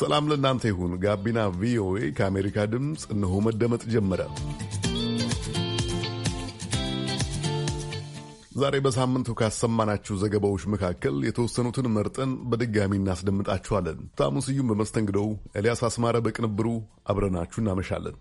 ሰላም ለእናንተ ይሁን። ጋቢና ቪኦኤ ከአሜሪካ ድምፅ እነሆ መደመጥ ጀመረ። ዛሬ በሳምንቱ ካሰማናችሁ ዘገባዎች መካከል የተወሰኑትን መርጠን በድጋሚ እናስደምጣችኋለን። ታሙ ስዩም በመስተንግዶው፣ ኤልያስ አስማረ በቅንብሩ አብረናችሁ እናመሻለን።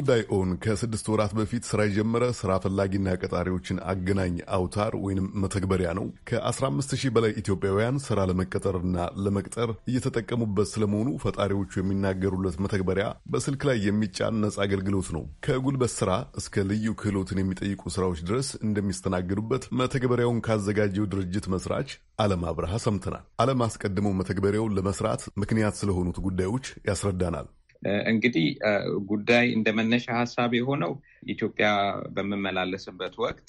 ጉዳይ ኦን ከስድስት ወራት በፊት ስራ የጀመረ ስራ ፈላጊና ቀጣሪዎችን አገናኝ አውታር ወይም መተግበሪያ ነው። ከ15 ሺህ በላይ ኢትዮጵያውያን ስራ ለመቀጠርና ለመቅጠር እየተጠቀሙበት ስለመሆኑ ፈጣሪዎቹ የሚናገሩለት መተግበሪያ በስልክ ላይ የሚጫን ነጻ አገልግሎት ነው። ከጉልበት ስራ እስከ ልዩ ክህሎትን የሚጠይቁ ስራዎች ድረስ እንደሚስተናገዱበት መተግበሪያውን ካዘጋጀው ድርጅት መስራች አለም አብርሃ ሰምተናል። አለም አስቀድሞ መተግበሪያውን ለመስራት ምክንያት ስለሆኑት ጉዳዮች ያስረዳናል። እንግዲህ ጉዳይ እንደ መነሻ ሀሳብ የሆነው ኢትዮጵያ በምመላለስበት ወቅት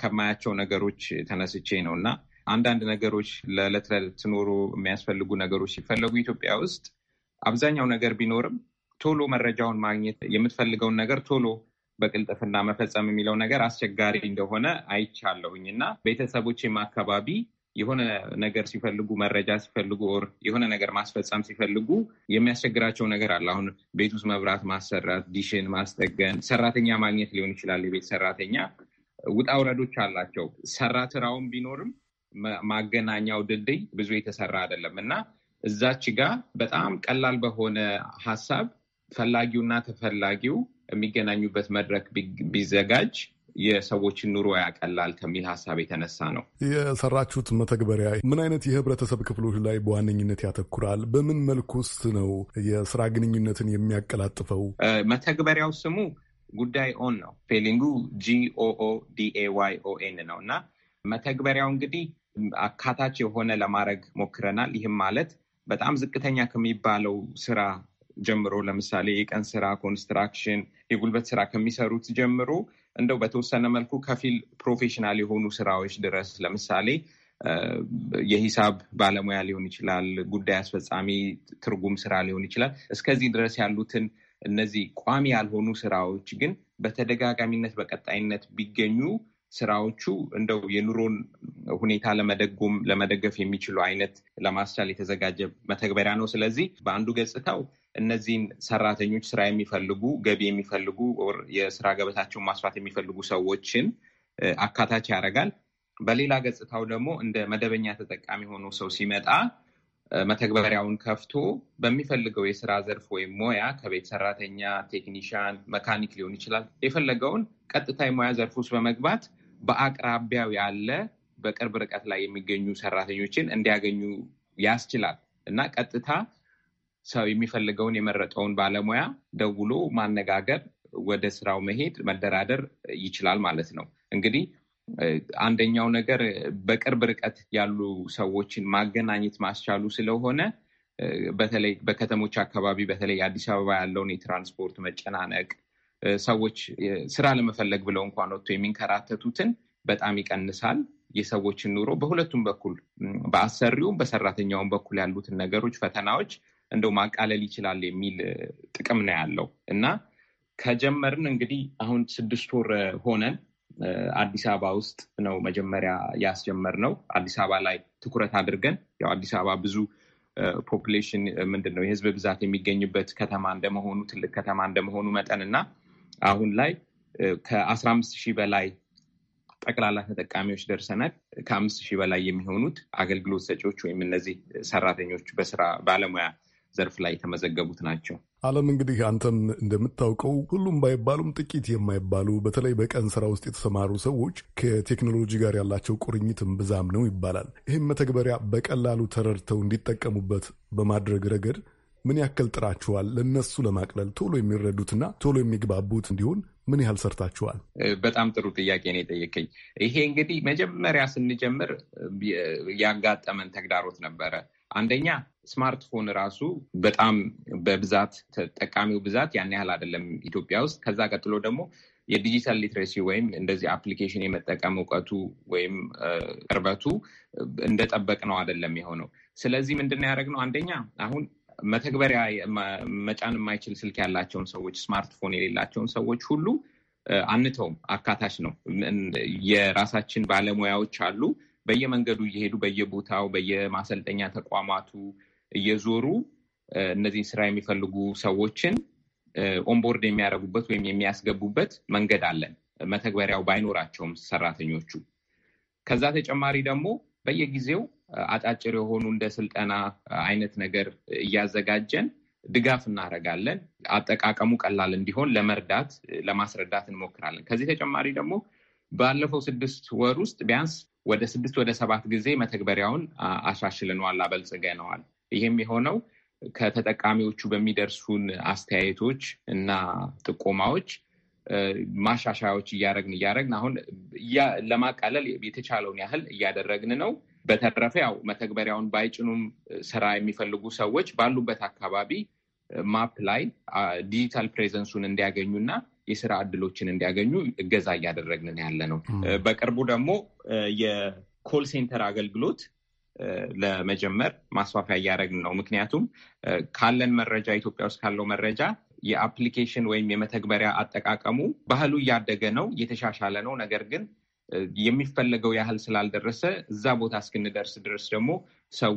ከማያቸው ነገሮች ተነስቼ ነው እና አንዳንድ ነገሮች ለዕለት ለዕለት ትኖሩ የሚያስፈልጉ ነገሮች ሲፈለጉ ኢትዮጵያ ውስጥ አብዛኛው ነገር ቢኖርም ቶሎ መረጃውን ማግኘት የምትፈልገውን ነገር ቶሎ በቅልጥፍና መፈጸም የሚለው ነገር አስቸጋሪ እንደሆነ አይቻለሁኝ እና ቤተሰቦቼም አካባቢ የሆነ ነገር ሲፈልጉ መረጃ ሲፈልጉ ኦር የሆነ ነገር ማስፈጸም ሲፈልጉ የሚያስቸግራቸው ነገር አለ። አሁን ቤት ውስጥ መብራት ማሰራት፣ ዲሽን ማስጠገን፣ ሰራተኛ ማግኘት ሊሆን ይችላል። የቤት ሰራተኛ ውጣ ውረዶች አላቸው። ሰራትራውን ቢኖርም ማገናኛው ድልድይ ብዙ የተሰራ አይደለም እና እዛች ጋር በጣም ቀላል በሆነ ሀሳብ ፈላጊውና ተፈላጊው የሚገናኙበት መድረክ ቢዘጋጅ የሰዎችን ኑሮ ያቀላል ከሚል ሀሳብ የተነሳ ነው። የሰራችሁት መተግበሪያ ምን አይነት የህብረተሰብ ክፍሎች ላይ በዋነኝነት ያተኩራል? በምን መልኩስ ነው የስራ ግንኙነትን የሚያቀላጥፈው? መተግበሪያው ስሙ ጉዳይ ኦን ነው። ፌሊንጉ ጂኦኦ ዲኤዋይ ኦኤን ነው እና መተግበሪያው እንግዲህ አካታች የሆነ ለማድረግ ሞክረናል። ይህም ማለት በጣም ዝቅተኛ ከሚባለው ስራ ጀምሮ ለምሳሌ የቀን ስራ፣ ኮንስትራክሽን፣ የጉልበት ስራ ከሚሰሩት ጀምሮ እንደው በተወሰነ መልኩ ከፊል ፕሮፌሽናል የሆኑ ስራዎች ድረስ ለምሳሌ የሂሳብ ባለሙያ ሊሆን ይችላል፣ ጉዳይ አስፈጻሚ፣ ትርጉም ስራ ሊሆን ይችላል። እስከዚህ ድረስ ያሉትን እነዚህ ቋሚ ያልሆኑ ስራዎች ግን በተደጋጋሚነት በቀጣይነት ቢገኙ ስራዎቹ እንደው የኑሮን ሁኔታ ለመደጎም ለመደገፍ የሚችሉ አይነት ለማስቻል የተዘጋጀ መተግበሪያ ነው። ስለዚህ በአንዱ ገጽታው እነዚህን ሰራተኞች ስራ የሚፈልጉ ገቢ የሚፈልጉ የስራ ገበታቸውን ማስፋት የሚፈልጉ ሰዎችን አካታች ያደርጋል። በሌላ ገጽታው ደግሞ እንደ መደበኛ ተጠቃሚ ሆኖ ሰው ሲመጣ መተግበሪያውን ከፍቶ በሚፈልገው የስራ ዘርፍ ወይም ሙያ ከቤት ሰራተኛ፣ ቴክኒሽያን፣ መካኒክ ሊሆን ይችላል የፈለገውን ቀጥታ የሙያ ዘርፍ ውስጥ በመግባት በአቅራቢያው ያለ በቅርብ ርቀት ላይ የሚገኙ ሰራተኞችን እንዲያገኙ ያስችላል እና ቀጥታ ሰው የሚፈልገውን የመረጠውን ባለሙያ ደውሎ ማነጋገር፣ ወደ ስራው መሄድ፣ መደራደር ይችላል ማለት ነው። እንግዲህ አንደኛው ነገር በቅርብ ርቀት ያሉ ሰዎችን ማገናኘት ማስቻሉ ስለሆነ በተለይ በከተሞች አካባቢ በተለይ አዲስ አበባ ያለውን የትራንስፖርት መጨናነቅ ሰዎች ስራ ለመፈለግ ብለው እንኳን ወጥቶ የሚንከራተቱትን በጣም ይቀንሳል። የሰዎችን ኑሮ በሁለቱም በኩል በአሰሪውም በሰራተኛውም በኩል ያሉትን ነገሮች ፈተናዎች እንደው ማቃለል ይችላል የሚል ጥቅም ነው ያለው እና ከጀመርን እንግዲህ አሁን ስድስት ወር ሆነን አዲስ አበባ ውስጥ ነው መጀመሪያ ያስጀመር ነው። አዲስ አበባ ላይ ትኩረት አድርገን ያው አዲስ አበባ ብዙ ፖፕሌሽን ምንድን ነው የህዝብ ብዛት የሚገኝበት ከተማ እንደመሆኑ ትልቅ ከተማ እንደመሆኑ መጠን እና አሁን ላይ ከአስራ አምስት ሺህ በላይ ጠቅላላ ተጠቃሚዎች ደርሰናል። ከአምስት ሺህ በላይ የሚሆኑት አገልግሎት ሰጪዎች ወይም እነዚህ ሰራተኞች በስራ ባለሙያ ዘርፍ ላይ የተመዘገቡት ናቸው። አለም እንግዲህ አንተም እንደምታውቀው ሁሉም ባይባሉም ጥቂት የማይባሉ በተለይ በቀን ስራ ውስጥ የተሰማሩ ሰዎች ከቴክኖሎጂ ጋር ያላቸው ቁርኝትም ብዛም ነው ይባላል። ይህም መተግበሪያ በቀላሉ ተረድተው እንዲጠቀሙበት በማድረግ ረገድ ምን ያክል ጥራችኋል? ለነሱ ለማቅለል ቶሎ የሚረዱትና ቶሎ የሚግባቡት እንዲሆን ምን ያህል ሰርታችኋል? በጣም ጥሩ ጥያቄ ነው የጠየቀኝ። ይሄ እንግዲህ መጀመሪያ ስንጀምር ያጋጠመን ተግዳሮት ነበረ። አንደኛ ስማርትፎን ራሱ በጣም በብዛት ተጠቃሚው ብዛት ያን ያህል አይደለም ኢትዮጵያ ውስጥ። ከዛ ቀጥሎ ደግሞ የዲጂታል ሊትሬሲ ወይም እንደዚህ አፕሊኬሽን የመጠቀም እውቀቱ ወይም ቅርበቱ እንደጠበቅ ነው አይደለም የሆነው። ስለዚህ ምንድን ያደረግነው አንደኛ አሁን መተግበሪያ መጫን የማይችል ስልክ ያላቸውን ሰዎች፣ ስማርትፎን የሌላቸውን ሰዎች ሁሉ አንተውም፣ አካታች ነው። የራሳችን ባለሙያዎች አሉ በየመንገዱ እየሄዱ በየቦታው በየማሰልጠኛ ተቋማቱ እየዞሩ እነዚህን ስራ የሚፈልጉ ሰዎችን ኦንቦርድ የሚያደርጉበት ወይም የሚያስገቡበት መንገድ አለን። መተግበሪያው ባይኖራቸውም ሰራተኞቹ ከዛ ተጨማሪ ደግሞ በየጊዜው አጫጭር የሆኑ እንደ ስልጠና አይነት ነገር እያዘጋጀን ድጋፍ እናደርጋለን። አጠቃቀሙ ቀላል እንዲሆን ለመርዳት ለማስረዳት እንሞክራለን። ከዚህ ተጨማሪ ደግሞ ባለፈው ስድስት ወር ውስጥ ቢያንስ ወደ ስድስት ወደ ሰባት ጊዜ መተግበሪያውን አሻሽለነዋል፣ አበልጽገነዋል። ይህም የሆነው ከተጠቃሚዎቹ በሚደርሱን አስተያየቶች እና ጥቆማዎች ማሻሻያዎች እያደረግን እያደረግን አሁን ለማቃለል የተቻለውን ያህል እያደረግን ነው። በተረፈ ያው መተግበሪያውን ባይጭኑም ስራ የሚፈልጉ ሰዎች ባሉበት አካባቢ ማፕ ላይ ዲጂታል ፕሬዘንሱን እንዲያገኙና የስራ እድሎችን እንዲያገኙ እገዛ እያደረግን ያለ ነው። በቅርቡ ደግሞ የኮል ሴንተር አገልግሎት ለመጀመር ማስፋፊያ እያደረግን ነው። ምክንያቱም ካለን መረጃ ኢትዮጵያ ውስጥ ካለው መረጃ የአፕሊኬሽን ወይም የመተግበሪያ አጠቃቀሙ ባህሉ እያደገ ነው፣ እየተሻሻለ ነው። ነገር ግን የሚፈለገው ያህል ስላልደረሰ እዛ ቦታ እስክንደርስ ድረስ ደግሞ ሰው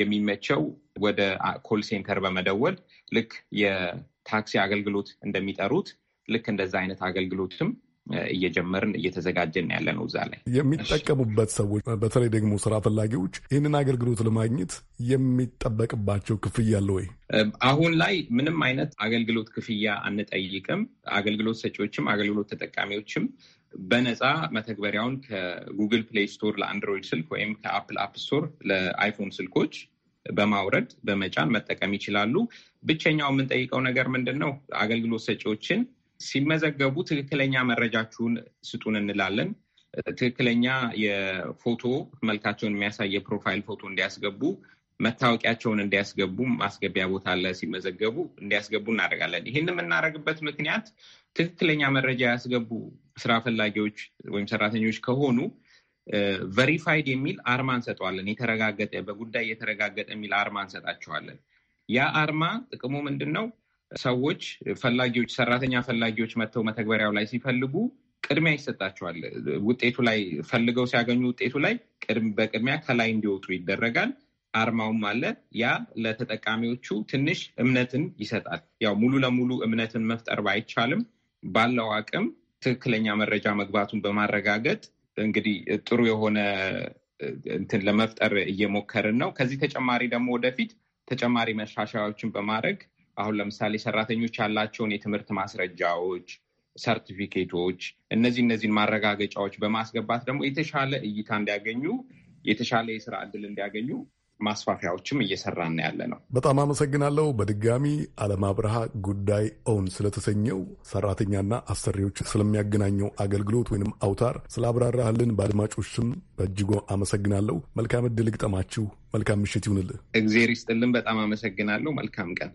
የሚመቸው ወደ ኮል ሴንተር በመደወል ልክ የታክሲ አገልግሎት እንደሚጠሩት ልክ እንደዛ አይነት አገልግሎትም እየጀመርን እየተዘጋጀን ያለ ነው። እዛ ላይ የሚጠቀሙበት ሰዎች በተለይ ደግሞ ስራ ፈላጊዎች ይህንን አገልግሎት ለማግኘት የሚጠበቅባቸው ክፍያ አለ ወይ? አሁን ላይ ምንም አይነት አገልግሎት ክፍያ አንጠይቅም። አገልግሎት ሰጪዎችም አገልግሎት ተጠቃሚዎችም በነፃ መተግበሪያውን ከጉግል ፕሌይ ስቶር ለአንድሮይድ ስልክ ወይም ከአፕል አፕ ስቶር ለአይፎን ስልኮች በማውረድ በመጫን መጠቀም ይችላሉ። ብቸኛው የምንጠይቀው ነገር ምንድን ነው? አገልግሎት ሰጪዎችን ሲመዘገቡ ትክክለኛ መረጃችሁን ስጡን እንላለን። ትክክለኛ የፎቶ መልካቸውን የሚያሳይ የፕሮፋይል ፎቶ እንዲያስገቡ፣ መታወቂያቸውን እንዲያስገቡ ማስገቢያ ቦታ አለ፣ ሲመዘገቡ እንዲያስገቡ እናደርጋለን። ይህን የምናደርግበት ምክንያት ትክክለኛ መረጃ ያስገቡ ስራ ፈላጊዎች ወይም ሰራተኞች ከሆኑ ቨሪፋይድ የሚል አርማ እንሰጠዋለን። የተረጋገጠ በጉዳይ የተረጋገጠ የሚል አርማ እንሰጣቸዋለን። ያ አርማ ጥቅሙ ምንድን ነው? ሰዎች ፈላጊዎች ሰራተኛ ፈላጊዎች መጥተው መተግበሪያው ላይ ሲፈልጉ ቅድሚያ ይሰጣቸዋል። ውጤቱ ላይ ፈልገው ሲያገኙ ውጤቱ ላይ በቅድሚያ ከላይ እንዲወጡ ይደረጋል። አርማውም አለ። ያ ለተጠቃሚዎቹ ትንሽ እምነትን ይሰጣል። ያው ሙሉ ለሙሉ እምነትን መፍጠር ባይቻልም ባለው አቅም ትክክለኛ መረጃ መግባቱን በማረጋገጥ እንግዲህ ጥሩ የሆነ እንትን ለመፍጠር እየሞከርን ነው። ከዚህ ተጨማሪ ደግሞ ወደፊት ተጨማሪ መሻሻያዎችን በማድረግ አሁን ለምሳሌ ሰራተኞች ያላቸውን የትምህርት ማስረጃዎች፣ ሰርቲፊኬቶች፣ እነዚህ እነዚህን ማረጋገጫዎች በማስገባት ደግሞ የተሻለ እይታ እንዲያገኙ የተሻለ የስራ እድል እንዲያገኙ ማስፋፊያዎችም እየሰራን ያለ ነው። በጣም አመሰግናለሁ። በድጋሚ አለም አብርሃ ጉዳይ ኦን ስለተሰኘው ሰራተኛና አሰሪዎች ስለሚያገናኘው አገልግሎት ወይም አውታር ስላብራራህልን በአድማጮች በእጅጉ አመሰግናለሁ። መልካም እድል ግጠማችሁ። መልካም ምሽት ይሁንልህ። እግዜር ይስጥልን። በጣም አመሰግናለሁ። መልካም ቀን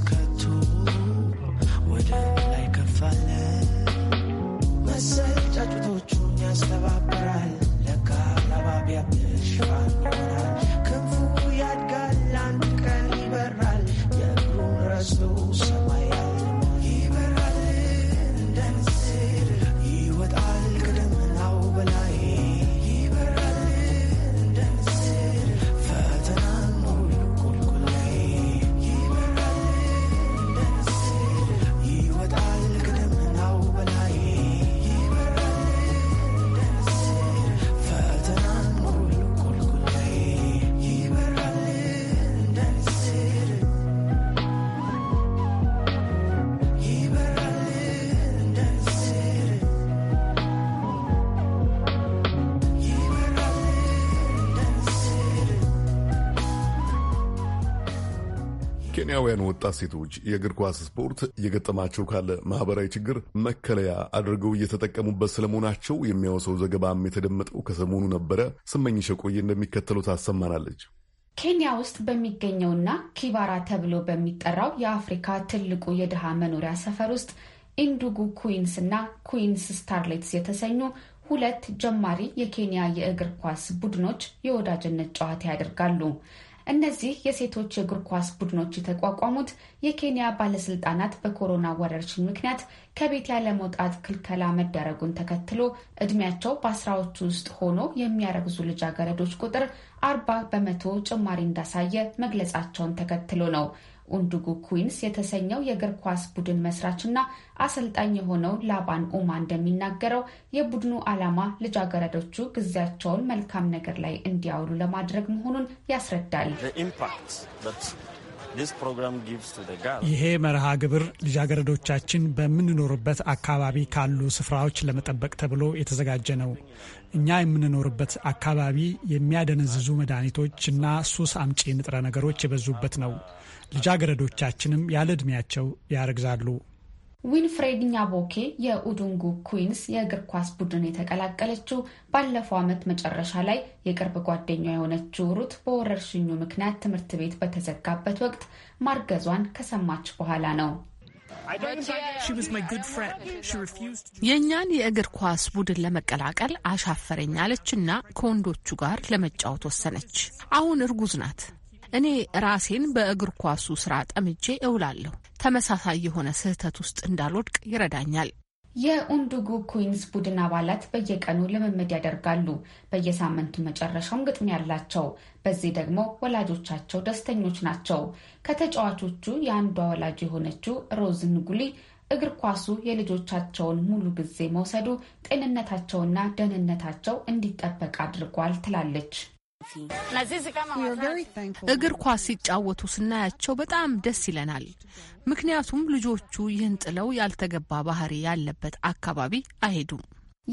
Cut. ኬንያውያን ወጣት ሴቶች የእግር ኳስ ስፖርት እየገጠማቸው ካለ ማህበራዊ ችግር መከለያ አድርገው እየተጠቀሙበት ስለመሆናቸው የሚያወሰው ዘገባም የተደመጠው ከሰሞኑ ነበረ። ስመኝሽ ቆየ እንደሚከተለው ታሰማናለች። ኬንያ ውስጥ በሚገኘውና ኪባራ ተብሎ በሚጠራው የአፍሪካ ትልቁ የድሃ መኖሪያ ሰፈር ውስጥ ኢንዱጉ ኩዊንስ እና ኩዊንስ ስታርሌትስ የተሰኙ ሁለት ጀማሪ የኬንያ የእግር ኳስ ቡድኖች የወዳጅነት ጨዋታ ያደርጋሉ። እነዚህ የሴቶች የእግር ኳስ ቡድኖች የተቋቋሙት የኬንያ ባለስልጣናት በኮሮና ወረርሽኝ ምክንያት ከቤት ያለመውጣት ክልከላ መደረጉን ተከትሎ እድሜያቸው በአስራዎቹ ውስጥ ሆኖ የሚያረግዙ ልጃገረዶች ቁጥር አርባ በመቶ ጭማሪ እንዳሳየ መግለጻቸውን ተከትሎ ነው። ኡንዱጉ ኩዊንስ የተሰኘው የእግር ኳስ ቡድን መስራችና አሰልጣኝ የሆነው ላባን ኡማ እንደሚናገረው የቡድኑ ዓላማ ልጃገረዶቹ ጊዜያቸውን መልካም ነገር ላይ እንዲያውሉ ለማድረግ መሆኑን ያስረዳል። ይሄ መርሃ ግብር ልጃገረዶቻችን በምንኖርበት አካባቢ ካሉ ስፍራዎች ለመጠበቅ ተብሎ የተዘጋጀ ነው። እኛ የምንኖርበት አካባቢ የሚያደነዝዙ መድኃኒቶች እና ሱስ አምጪ ንጥረ ነገሮች የበዙበት ነው። ልጃገረዶቻችንም ያለ ዕድሜያቸው ያረግዛሉ። ዊንፍሬድ ኛቦኬ የኡዱንጉ ኩዊንስ የእግር ኳስ ቡድን የተቀላቀለችው ባለፈው ዓመት መጨረሻ ላይ የቅርብ ጓደኛ የሆነችው ሩት በወረርሽኙ ምክንያት ትምህርት ቤት በተዘጋበት ወቅት ማርገዟን ከሰማች በኋላ ነው። የእኛን የእግር ኳስ ቡድን ለመቀላቀል አሻፈረኝ እና ከወንዶቹ ጋር ለመጫወት ወሰነች። አሁን እርጉዝ ናት። እኔ ራሴን በእግር ኳሱ ስራ ጠምጄ እውላለሁ። ተመሳሳይ የሆነ ስህተት ውስጥ እንዳልወድቅ ይረዳኛል። የኡንዱጉ ኩዊንስ ቡድን አባላት በየቀኑ ልምምድ ያደርጋሉ። በየሳምንቱ መጨረሻውም ግጥሚያ ያላቸው። በዚህ ደግሞ ወላጆቻቸው ደስተኞች ናቸው። ከተጫዋቾቹ የአንዷ ወላጅ የሆነችው ሮዝ ንጉሊ እግር ኳሱ የልጆቻቸውን ሙሉ ጊዜ መውሰዱ ጤንነታቸውና ደህንነታቸው እንዲጠበቅ አድርጓል ትላለች። እግር ኳስ ሲጫወቱ ስናያቸው በጣም ደስ ይለናል። ምክንያቱም ልጆቹ ይህን ጥለው ያልተገባ ባህሪ ያለበት አካባቢ አይሄዱም።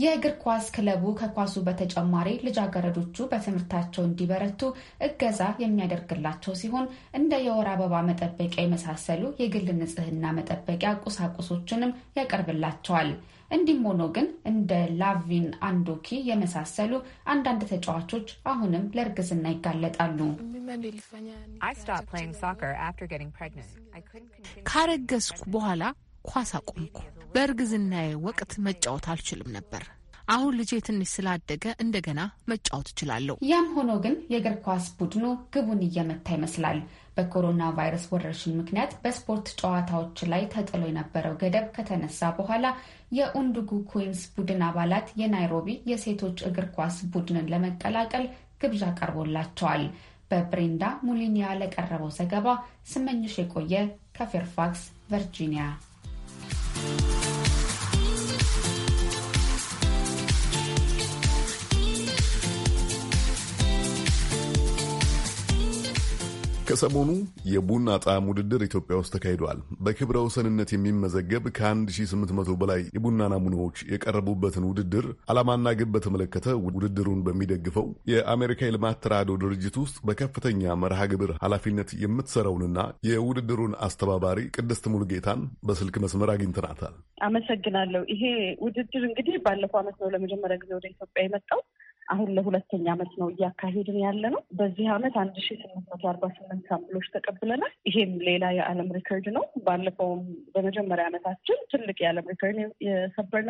የእግር ኳስ ክለቡ ከኳሱ በተጨማሪ ልጃገረዶቹ በትምህርታቸው እንዲበረቱ እገዛ የሚያደርግላቸው ሲሆን እንደ የወር አበባ መጠበቂያ የመሳሰሉ የግል ንጽህና መጠበቂያ ቁሳቁሶችንም ያቀርብላቸዋል። እንዲህም ሆኖ ግን እንደ ላቪን አንዶኪ የመሳሰሉ አንዳንድ ተጫዋቾች አሁንም ለእርግዝና ይጋለጣሉ። ካረገዝኩ በኋላ ኳስ አቆምኩ። በእርግዝናዬ ወቅት መጫወት አልችልም ነበር። አሁን ልጄ ትንሽ ስላደገ እንደገና መጫወት እችላለሁ። ያም ሆኖ ግን የእግር ኳስ ቡድኑ ግቡን እየመታ ይመስላል። በኮሮና ቫይረስ ወረርሽኝ ምክንያት በስፖርት ጨዋታዎች ላይ ተጥሎ የነበረው ገደብ ከተነሳ በኋላ የኡንዱጉ ኩዊንስ ቡድን አባላት የናይሮቢ የሴቶች እግር ኳስ ቡድንን ለመቀላቀል ግብዣ ቀርቦላቸዋል። በብሬንዳ ሙሊኒያ ለቀረበው ዘገባ ስመኝሽ የቆየ ከፌርፋክስ ቨርጂኒያ። ከሰሞኑ የቡና ጣዕም ውድድር ኢትዮጵያ ውስጥ ተካሂዷል። በክብረ ወሰንነት የሚመዘገብ ከ1800 በላይ የቡና ናሙናዎች የቀረቡበትን ውድድር ዓላማና ግብ በተመለከተ ውድድሩን በሚደግፈው የአሜሪካ የልማት ተራድኦ ድርጅት ውስጥ በከፍተኛ መርሃ ግብር ኃላፊነት የምትሰራውንና የውድድሩን አስተባባሪ ቅድስት ሙልጌታን በስልክ መስመር አግኝተናታል። አመሰግናለሁ። ይሄ ውድድር እንግዲህ ባለፈው ዓመት ነው ለመጀመሪያ ጊዜ ወደ ኢትዮጵያ የመጣው። አሁን ለሁለተኛ ዓመት ነው እያካሄድን ያለ ነው። በዚህ አመት አንድ ሺ ስምንት መቶ አርባ ስምንት ሳምፕሎች ተቀብለናል። ይሄም ሌላ የዓለም ሪከርድ ነው። ባለፈውም በመጀመሪያ ዓመታችን ትልቅ የዓለም ሪከርድ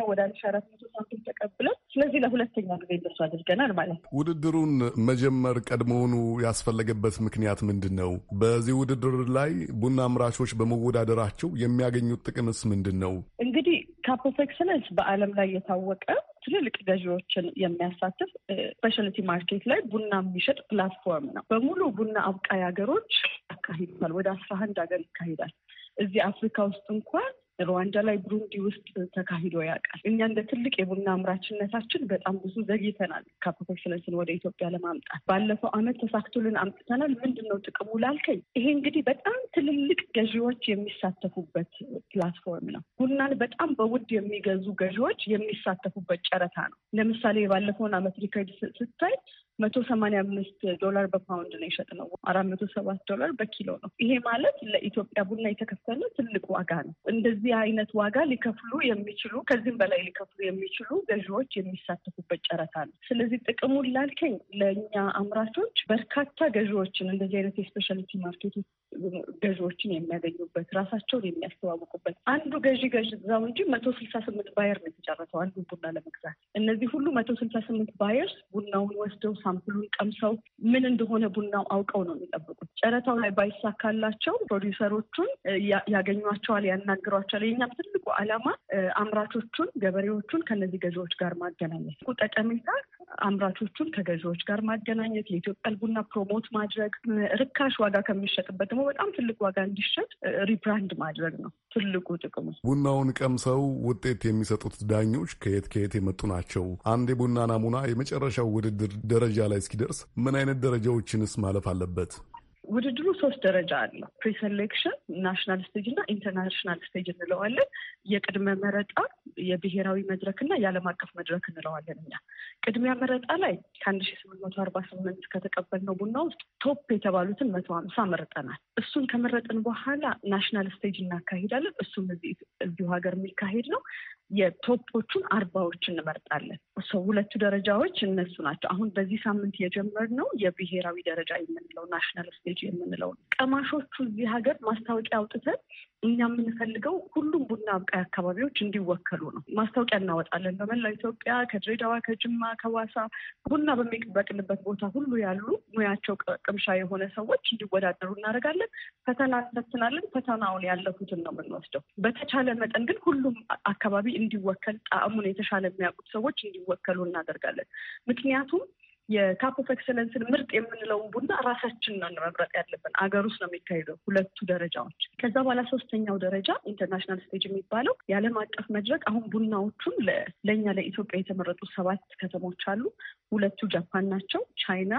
ነው ወደ አንድ ሺ አራት መቶ ሳምፕል ተቀብለን፣ ስለዚህ ለሁለተኛ ጊዜ እንደሱ አድርገናል ማለት ነው። ውድድሩን መጀመር ቀድሞውኑ ያስፈለገበት ምክንያት ምንድን ነው? በዚህ ውድድር ላይ ቡና አምራቾች በመወዳደራቸው የሚያገኙት ጥቅምስ ምንድን ነው? እንግዲህ ካፕ ኦፍ ኤክሰለንስ በዓለም ላይ የታወቀ ትልልቅ ገዢዎችን የሚያሳትፍ ስፔሻሊቲ ማርኬት ላይ ቡና የሚሸጥ ፕላትፎርም ነው። በሙሉ ቡና አብቃይ ሀገሮች ያካሂዱታል። ወደ አስራ አንድ ሀገር ይካሄዳል። እዚህ አፍሪካ ውስጥ እንኳን ሩዋንዳ ላይ፣ ብሩንዲ ውስጥ ተካሂዶ ያውቃል። እኛ እንደ ትልቅ የቡና አምራችነታችን በጣም ብዙ ዘግይተናል። ካፕ ወደ ኢትዮጵያ ለማምጣት ባለፈው አመት ተሳክቶልን አምጥተናል። ምንድን ነው ጥቅሙ ላልከኝ፣ ይሄ እንግዲህ በጣም ትልልቅ ገዢዎች የሚሳተፉበት ፕላትፎርም ነው። ቡናን በጣም በውድ የሚገዙ ገዢዎች የሚሳተፉበት ጨረታ ነው። ለምሳሌ የባለፈውን አመት ሪከርድ ስታይ መቶ ሰማኒያ አምስት ዶላር በፓውንድ ነው የሸጥ ነው። አራት መቶ ሰባት ዶላር በኪሎ ነው። ይሄ ማለት ለኢትዮጵያ ቡና የተከፈለ ትልቅ ዋጋ ነው። እንደዚህ አይነት ዋጋ ሊከፍሉ የሚችሉ ከዚህም በላይ ሊከፍሉ የሚችሉ ገዢዎች የሚሳተፉበት ጨረታ ነው። ስለዚህ ጥቅሙን ላልከኝ ለእኛ አምራቾች በርካታ ገዢዎችን እንደዚህ አይነት የስፔሻሊቲ ማርኬቶች ገዢዎችን የሚያገኙበት ራሳቸውን የሚያስተዋውቁበት አንዱ ገዢ ገዢ እዛው እንጂ መቶ ስልሳ ስምንት ባየር ነው የተጨረሰው አንዱ ቡና ለመግዛት እነዚህ ሁሉ መቶ ስልሳ ስምንት ባየርስ ቡናውን ወስደው ሳምፕሉን ቀምሰው ምን እንደሆነ ቡናው አውቀው ነው የሚጠብቁት። ጨረታው ላይ ባይሳካላቸው ፕሮዲውሰሮቹን ያገኟቸዋል፣ ያናግሯቸዋል። የኛም ትልቁ ዓላማ አምራቾቹን ገበሬዎቹን ከነዚህ ገዢዎች ጋር ማገናኘት ጠቀሜታ አምራቾቹን ከገዢዎች ጋር ማገናኘት፣ የኢትዮጵያን ቡና ፕሮሞት ማድረግ፣ ርካሽ ዋጋ ከሚሸጥበት ደግሞ በጣም ትልቅ ዋጋ እንዲሸጥ ሪብራንድ ማድረግ ነው ትልቁ ጥቅሙ። ቡናውን ቀምሰው ውጤት የሚሰጡት ዳኞች ከየት ከየት የመጡ ናቸው? አንድ የቡና ናሙና የመጨረሻው ውድድር ደረጃ ላይ እስኪደርስ ምን አይነት ደረጃዎችንስ ማለፍ አለበት? ውድድሩ ሶስት ደረጃ አለው። ፕሪሴሌክሽን፣ ናሽናል ስቴጅ እና ኢንተርናሽናል ስቴጅ እንለዋለን። የቅድመ መረጣ፣ የብሔራዊ መድረክ እና የዓለም አቀፍ መድረክ እንለዋለን እኛ። ቅድሚያ መረጣ ላይ ከአንድ ሺ ስምንት መቶ አርባ ስምንት ከተቀበልነው ቡና ውስጥ ቶፕ የተባሉትን መቶ ሀምሳ መርጠናል። እሱን ከመረጥን በኋላ ናሽናል ስቴጅ እናካሂዳለን። እሱም እዚሁ ሀገር የሚካሄድ ነው። የቶፖቹን አርባዎች እንመርጣለን። ሰው ሁለቱ ደረጃዎች እነሱ ናቸው። አሁን በዚህ ሳምንት የጀመርነው የብሔራዊ ደረጃ የምንለው ናሽናል ስቴጅ ቴክኖሎጂ የምንለው ነው። ቀማሾቹ እዚህ ሀገር ማስታወቂያ አውጥተን እኛ የምንፈልገው ሁሉም ቡና አብቃይ አካባቢዎች እንዲወከሉ ነው። ማስታወቂያ እናወጣለን። በመላው ኢትዮጵያ ከድሬዳዋ፣ ከጅማ፣ ከዋሳ ቡና በሚበቅልበት ቦታ ሁሉ ያሉ ሙያቸው ቅምሻ የሆነ ሰዎች እንዲወዳደሩ እናደርጋለን። ፈተና እንፈትናለን። ፈተናውን ያለፉትን ነው የምንወስደው። በተቻለ መጠን ግን ሁሉም አካባቢ እንዲወከል ጣዕሙን የተሻለ የሚያውቁት ሰዎች እንዲወከሉ እናደርጋለን። ምክንያቱም የካፕ ኦፍ ኤክሰለንስን ምርጥ የምንለውን ቡና ራሳችን ነው መምረጥ ያለብን። አገር ውስጥ ነው የሚካሄደው ሁለቱ ደረጃዎች። ከዛ በኋላ ሶስተኛው ደረጃ ኢንተርናሽናል ስቴጅ የሚባለው የዓለም አቀፍ መድረክ። አሁን ቡናዎቹን ለእኛ ለኢትዮጵያ የተመረጡ ሰባት ከተሞች አሉ። ሁለቱ ጃፓን ናቸው፣ ቻይና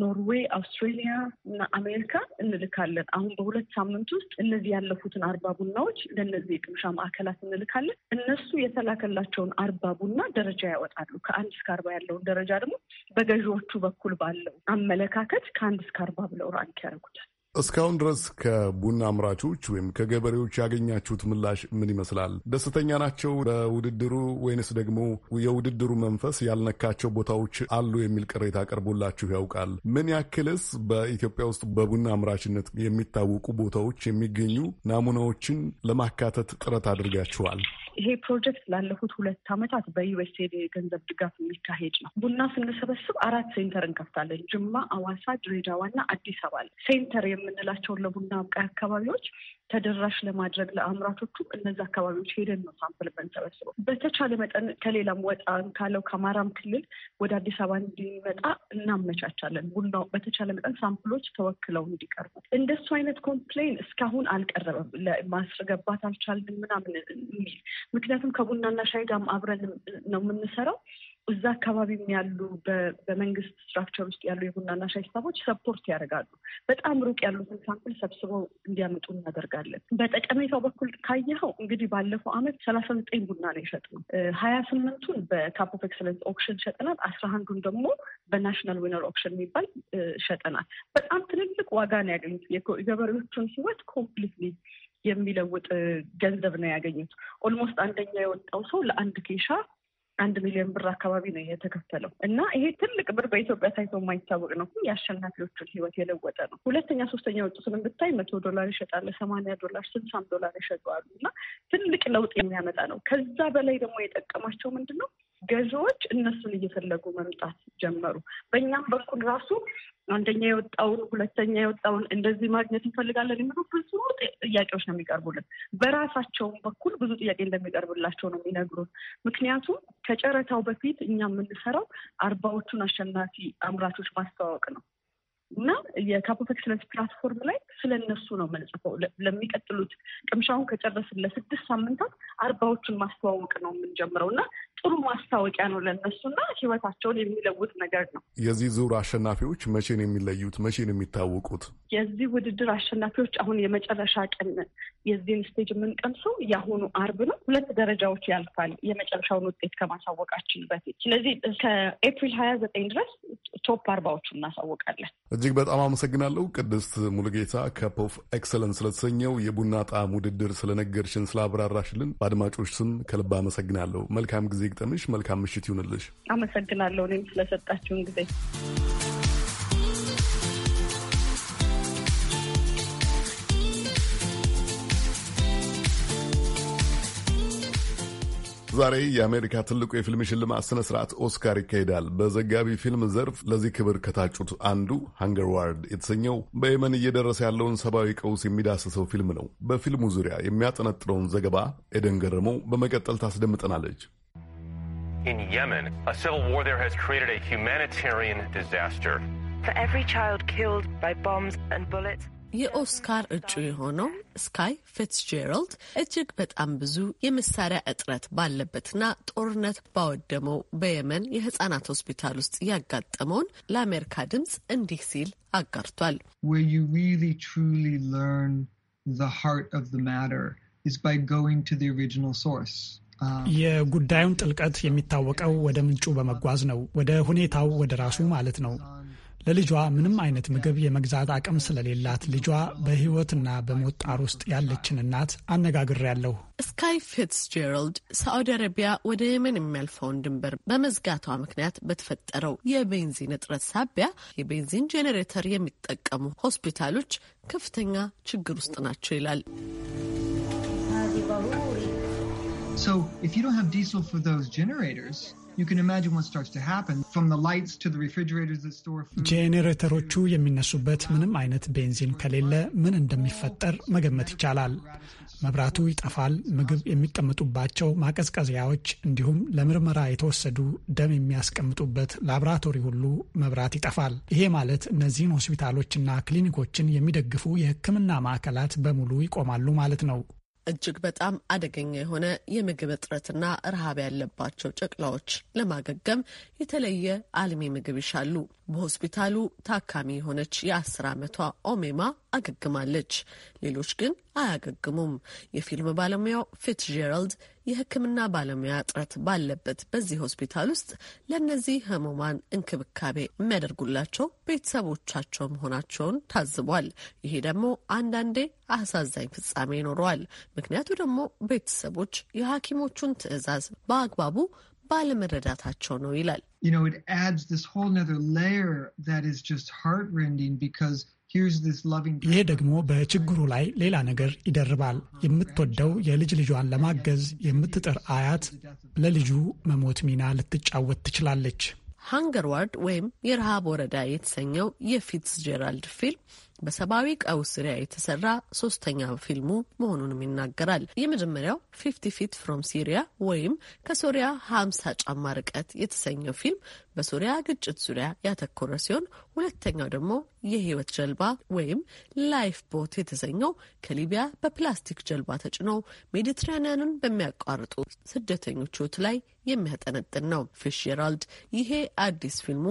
ኖርዌይ፣ አውስትሬሊያ እና አሜሪካ እንልካለን። አሁን በሁለት ሳምንት ውስጥ እነዚህ ያለፉትን አርባ ቡናዎች ለእነዚህ የቅምሻ ማዕከላት እንልካለን። እነሱ የተላከላቸውን አርባ ቡና ደረጃ ያወጣሉ። ከአንድ እስከ አርባ ያለውን ደረጃ ደግሞ በገዢዎቹ በኩል ባለው አመለካከት ከአንድ እስከ አርባ ብለው ራንክ ያደርጉታል። እስካሁን ድረስ ከቡና አምራቾች ወይም ከገበሬዎች ያገኛችሁት ምላሽ ምን ይመስላል? ደስተኛ ናቸው በውድድሩ ወይንስ ደግሞ የውድድሩ መንፈስ ያልነካቸው ቦታዎች አሉ የሚል ቅሬታ ቀርቦላችሁ ያውቃል? ምን ያክልስ በኢትዮጵያ ውስጥ በቡና አምራችነት የሚታወቁ ቦታዎች የሚገኙ ናሙናዎችን ለማካተት ጥረት አድርጋችኋል? ይሄ ፕሮጀክት ላለፉት ሁለት ዓመታት በዩኤስኤድ የገንዘብ ድጋፍ የሚካሄድ ነው። ቡና ስንሰበስብ አራት ሴንተር እንከፍታለን። ጅማ፣ አዋሳ፣ ድሬዳዋና አዲስ አበባ ሴንተር የምንላቸውን ለቡና አብቃይ አካባቢዎች ተደራሽ ለማድረግ ለአምራቾቹ እነዚ አካባቢዎች ሄደን ነው ሳምፕል የምንሰበስበው። በተቻለ መጠን ከሌላም ወጣ ካለው ከአማራም ክልል ወደ አዲስ አበባ እንዲመጣ እናመቻቻለን። ቡናው በተቻለ መጠን ሳምፕሎች ተወክለው እንዲቀርቡ። እንደሱ አይነት ኮምፕሌን እስካሁን አልቀረበም፣ ማስገባት አልቻልንም ምናምን የሚል ምክንያቱም ከቡናና ሻይ ጋር አብረን ነው የምንሰራው። እዛ አካባቢም ያሉ በመንግስት ስትራክቸር ውስጥ ያሉ የቡናና ሻይ ሂሳቦች ሰፖርት ያደርጋሉ። በጣም ሩቅ ያሉትን ሳምፕል ሰብስበው እንዲያመጡ እናደርጋለን። በጠቀሜታው በኩል ካየኸው እንግዲህ ባለፈው ዓመት ሰላሳ ዘጠኝ ቡና ነው የሸጥነው። ሀያ ስምንቱን በካፕ ኦፍ ኤክሰለንስ ኦክሽን ሸጠናል። አስራ አንዱን ደግሞ በናሽናል ዊነር ኦክሽን የሚባል ሸጠናል። በጣም ትልልቅ ዋጋ ነው ያገኙት። የገበሬዎቹን ህይወት ኮምፕሊትሊ የሚለውጥ ገንዘብ ነው ያገኙት። ኦልሞስት አንደኛ የወጣው ሰው ለአንድ ኬሻ አንድ ሚሊዮን ብር አካባቢ ነው የተከፈለው እና ይሄ ትልቅ ብር በኢትዮጵያ ታይቶ የማይታወቅ ነው። የአሸናፊዎችን ህይወት የለወጠ ነው። ሁለተኛ ሶስተኛ የወጡትን ብታይ መቶ ዶላር ይሸጣል፣ ሰማንያ ዶላር ስልሳም ዶላር ይሸጠዋሉ እና ትልቅ ለውጥ የሚያመጣ ነው። ከዛ በላይ ደግሞ የጠቀማቸው ምንድን ነው? ገዢዎች እነሱን እየፈለጉ መምጣት ጀመሩ። በእኛም በኩል ራሱ አንደኛ የወጣውን ሁለተኛ የወጣውን እንደዚህ ማግኘት እንፈልጋለን የሚሉ ብዙ ጥያቄዎች ነው የሚቀርቡልን። በራሳቸውም በኩል ብዙ ጥያቄ እንደሚቀርብላቸው ነው የሚነግሩት። ምክንያቱም ከጨረታው በፊት እኛ የምንሰራው አርባዎቹን አሸናፊ አምራቾች ማስተዋወቅ ነው። እና የካፕ ኤክስለንስ ፕላትፎርም ላይ ስለ እነሱ ነው የምንጽፈው። ለሚቀጥሉት ቅምሻውን ከጨረስን ለስድስት ሳምንታት አርባዎቹን ማስተዋወቅ ነው የምንጀምረው እና ጥሩ ማስታወቂያ ነው ለእነሱና ህይወታቸውን የሚለውጥ ነገር ነው። የዚህ ዙር አሸናፊዎች መቼን የሚለዩት መቼን የሚታወቁት? የዚህ ውድድር አሸናፊዎች አሁን የመጨረሻ ቀን የዚህን ስቴጅ የምንቀምሰው የአሁኑ አርብ ነው። ሁለት ደረጃዎች ያልፋል የመጨረሻውን ውጤት ከማሳወቃችን በፊት። ስለዚህ ከኤፕሪል ሀያ ዘጠኝ ድረስ ቶፕ አርባዎቹ እናሳወቃለን። እጅግ በጣም አመሰግናለሁ ቅድስት ሙሉጌታ ከፖፍ ኤክሰለንስ ስለተሰኘው የቡና ጣዕም ውድድር ስለነገርሽን ስላብራራሽልን በአድማጮች ስም ከልብ አመሰግናለሁ። መልካም ጊዜ ግጠምሽ። መልካም ምሽት ይሁንልሽ። አመሰግናለሁ እኔም ስለሰጣችሁን ጊዜ ዛሬ የአሜሪካ ትልቁ የፊልም ሽልማት ስነ ስርዓት ኦስካር ይካሄዳል። በዘጋቢ ፊልም ዘርፍ ለዚህ ክብር ከታጩት አንዱ ሃንገር ዋርድ የተሰኘው በየመን እየደረሰ ያለውን ሰብአዊ ቀውስ የሚዳስሰው ፊልም ነው። በፊልሙ ዙሪያ የሚያጠነጥረውን ዘገባ ኤደን ገረመው በመቀጠል ታስደምጠናለች። In Yemen, a civil war there has created a humanitarian disaster. For every child killed by bombs and bullets, የኦስካር እጩ የሆነው ስካይ ፊትስጄራልድ እጅግ በጣም ብዙ የመሳሪያ እጥረት ባለበትና ጦርነት ባወደመው በየመን የህጻናት ሆስፒታል ውስጥ ያጋጠመውን ለአሜሪካ ድምፅ እንዲህ ሲል አጋርቷል። uh, የጉዳዩን ጥልቀት የሚታወቀው ወደ ምንጩ በመጓዝ ነው፣ ወደ ሁኔታው፣ ወደ ራሱ ማለት ነው። ለልጇ ምንም አይነት ምግብ የመግዛት አቅም ስለሌላት ልጇ በህይወትና በሞት ጣር ውስጥ ያለችን እናት ያለሁ። ስካይ ጄራልድ ሳዑዲ አረቢያ ወደ የመን የሚያልፈውን ድንበር በመዝጋቷ ምክንያት በተፈጠረው የቤንዚን እጥረት ሳቢያ የቤንዚን ጄኔሬተር የሚጠቀሙ ሆስፒታሎች ከፍተኛ ችግር ውስጥ ናቸው ይላል። So if you don't have diesel for those generators, ጄኔሬተሮቹ የሚነሱበት ምንም አይነት ቤንዚን ከሌለ ምን እንደሚፈጠር መገመት ይቻላል። መብራቱ ይጠፋል። ምግብ የሚቀመጡባቸው ማቀዝቀዝያዎች እንዲሁም ለምርመራ የተወሰዱ ደም የሚያስቀምጡበት ላብራቶሪ ሁሉ መብራት ይጠፋል። ይሄ ማለት እነዚህን ሆስፒታሎችና ክሊኒኮችን የሚደግፉ የሕክምና ማዕከላት በሙሉ ይቆማሉ ማለት ነው። እጅግ በጣም አደገኛ የሆነ የምግብ እጥረትና ረሃብ ያለባቸው ጨቅላዎች ለማገገም የተለየ አልሚ ምግብ ይሻሉ። በሆስፒታሉ ታካሚ የሆነች የአስር ዓመቷ ኦሜማ አገግማለች። ሌሎች ግን አያገግሙም። የፊልም ባለሙያው ፊት ጄራልድ የሕክምና ባለሙያ እጥረት ባለበት በዚህ ሆስፒታል ውስጥ ለእነዚህ ህሙማን እንክብካቤ የሚያደርጉላቸው ቤተሰቦቻቸው መሆናቸውን ታዝቧል። ይሄ ደግሞ አንዳንዴ አሳዛኝ ፍጻሜ ይኖረዋል። ምክንያቱ ደግሞ ቤተሰቦች የሐኪሞቹን ትዕዛዝ በአግባቡ ባለመረዳታቸው ነው ይላል። You know, it adds this whole nother layer that is just heartrending because ይህ ደግሞ በችግሩ ላይ ሌላ ነገር ይደርባል። የምትወደው የልጅ ልጇን ለማገዝ የምትጥር አያት ለልጁ መሞት ሚና ልትጫወት ትችላለች። ሃንገር ዋርድ ወይም የረሃብ ወረዳ የተሰኘው ጄራልድ ፊልም በሰብአዊ ቀውስ ዙሪያ የተሰራ ሶስተኛ ፊልሙ መሆኑንም ይናገራል። የመጀመሪያው ፊፍቲ ፊት ፍሮም ሲሪያ ወይም ከሶሪያ ሀምሳ ጫማ ርቀት የተሰኘው ፊልም በሶሪያ ግጭት ዙሪያ ያተኮረ ሲሆን ሁለተኛው ደግሞ የህይወት ጀልባ ወይም ላይፍ ቦት የተሰኘው ከሊቢያ በፕላስቲክ ጀልባ ተጭኖ ሜዲትራኒያንን በሚያቋርጡ ስደተኞች ህይወት ላይ የሚያጠነጥን ነው። ፊሽጀራልድ ይሄ አዲስ ፊልሙ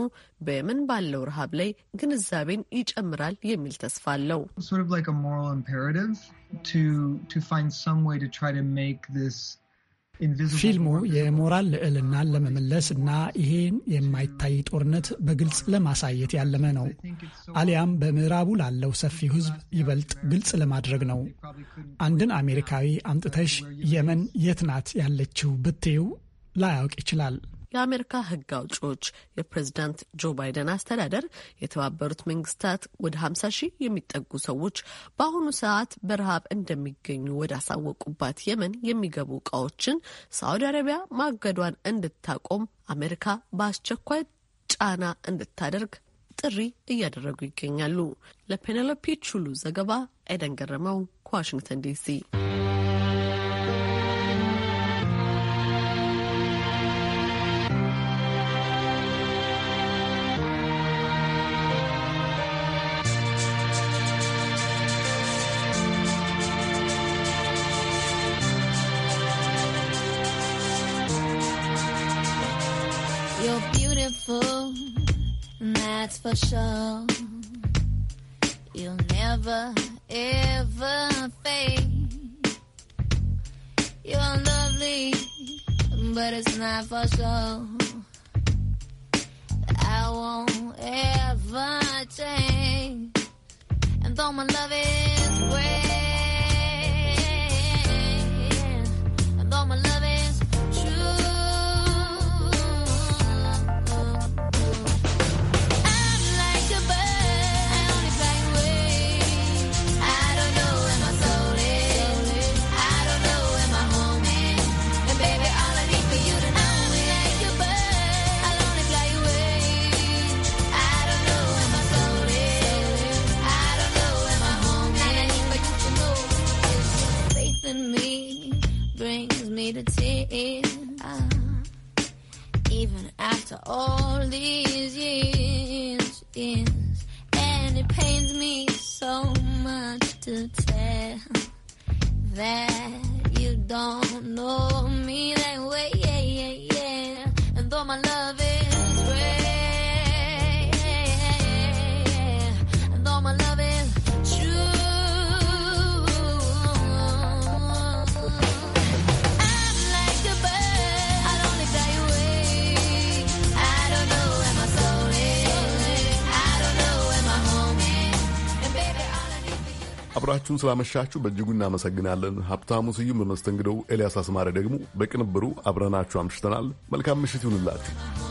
በየመን ባለው ረሃብ ላይ ግንዛቤን ይጨምራል የሚል ተስፋ አለው። ሞራል ኢምፔራቲቭ ፊልሙ የሞራል ልዕልናን ለመመለስ እና ይሄን የማይታይ ጦርነት በግልጽ ለማሳየት ያለመ ነው። አሊያም በምዕራቡ ላለው ሰፊው ሕዝብ ይበልጥ ግልጽ ለማድረግ ነው። አንድን አሜሪካዊ አምጥተሽ የመን የት ናት ያለችው ብትዩ ላያውቅ ይችላል። የአሜሪካ ህግ አውጪዎች የፕሬዝዳንት ጆ ባይደን አስተዳደር የተባበሩት መንግስታት ወደ 50 ሺህ የሚጠጉ ሰዎች በአሁኑ ሰዓት በረሃብ እንደሚገኙ ወዳሳወቁባት የመን የሚገቡ እቃዎችን ሳዑዲ አረቢያ ማገዷን እንድታቆም አሜሪካ በአስቸኳይ ጫና እንድታደርግ ጥሪ እያደረጉ ይገኛሉ። ለፔኔሎፒ ቹሉ ዘገባ ኤደን ገረመው ከዋሽንግተን ዲሲ special. You'll never ever fade. You're lovely, but it's not for sure. I won't ever change. And though my love is great. me to tears. Even after all these years, years, and it pains me so much to tell that you don't know me that way, yeah, yeah, yeah. And though my love አብራችሁን ስላመሻችሁ በእጅጉ እናመሰግናለን። ሀብታሙ ስዩም በመስተንግደው፣ ኤልያስ አስማሪ ደግሞ በቅንብሩ አብረናችሁ አምሽተናል። መልካም ምሽት ይሁንላችሁ።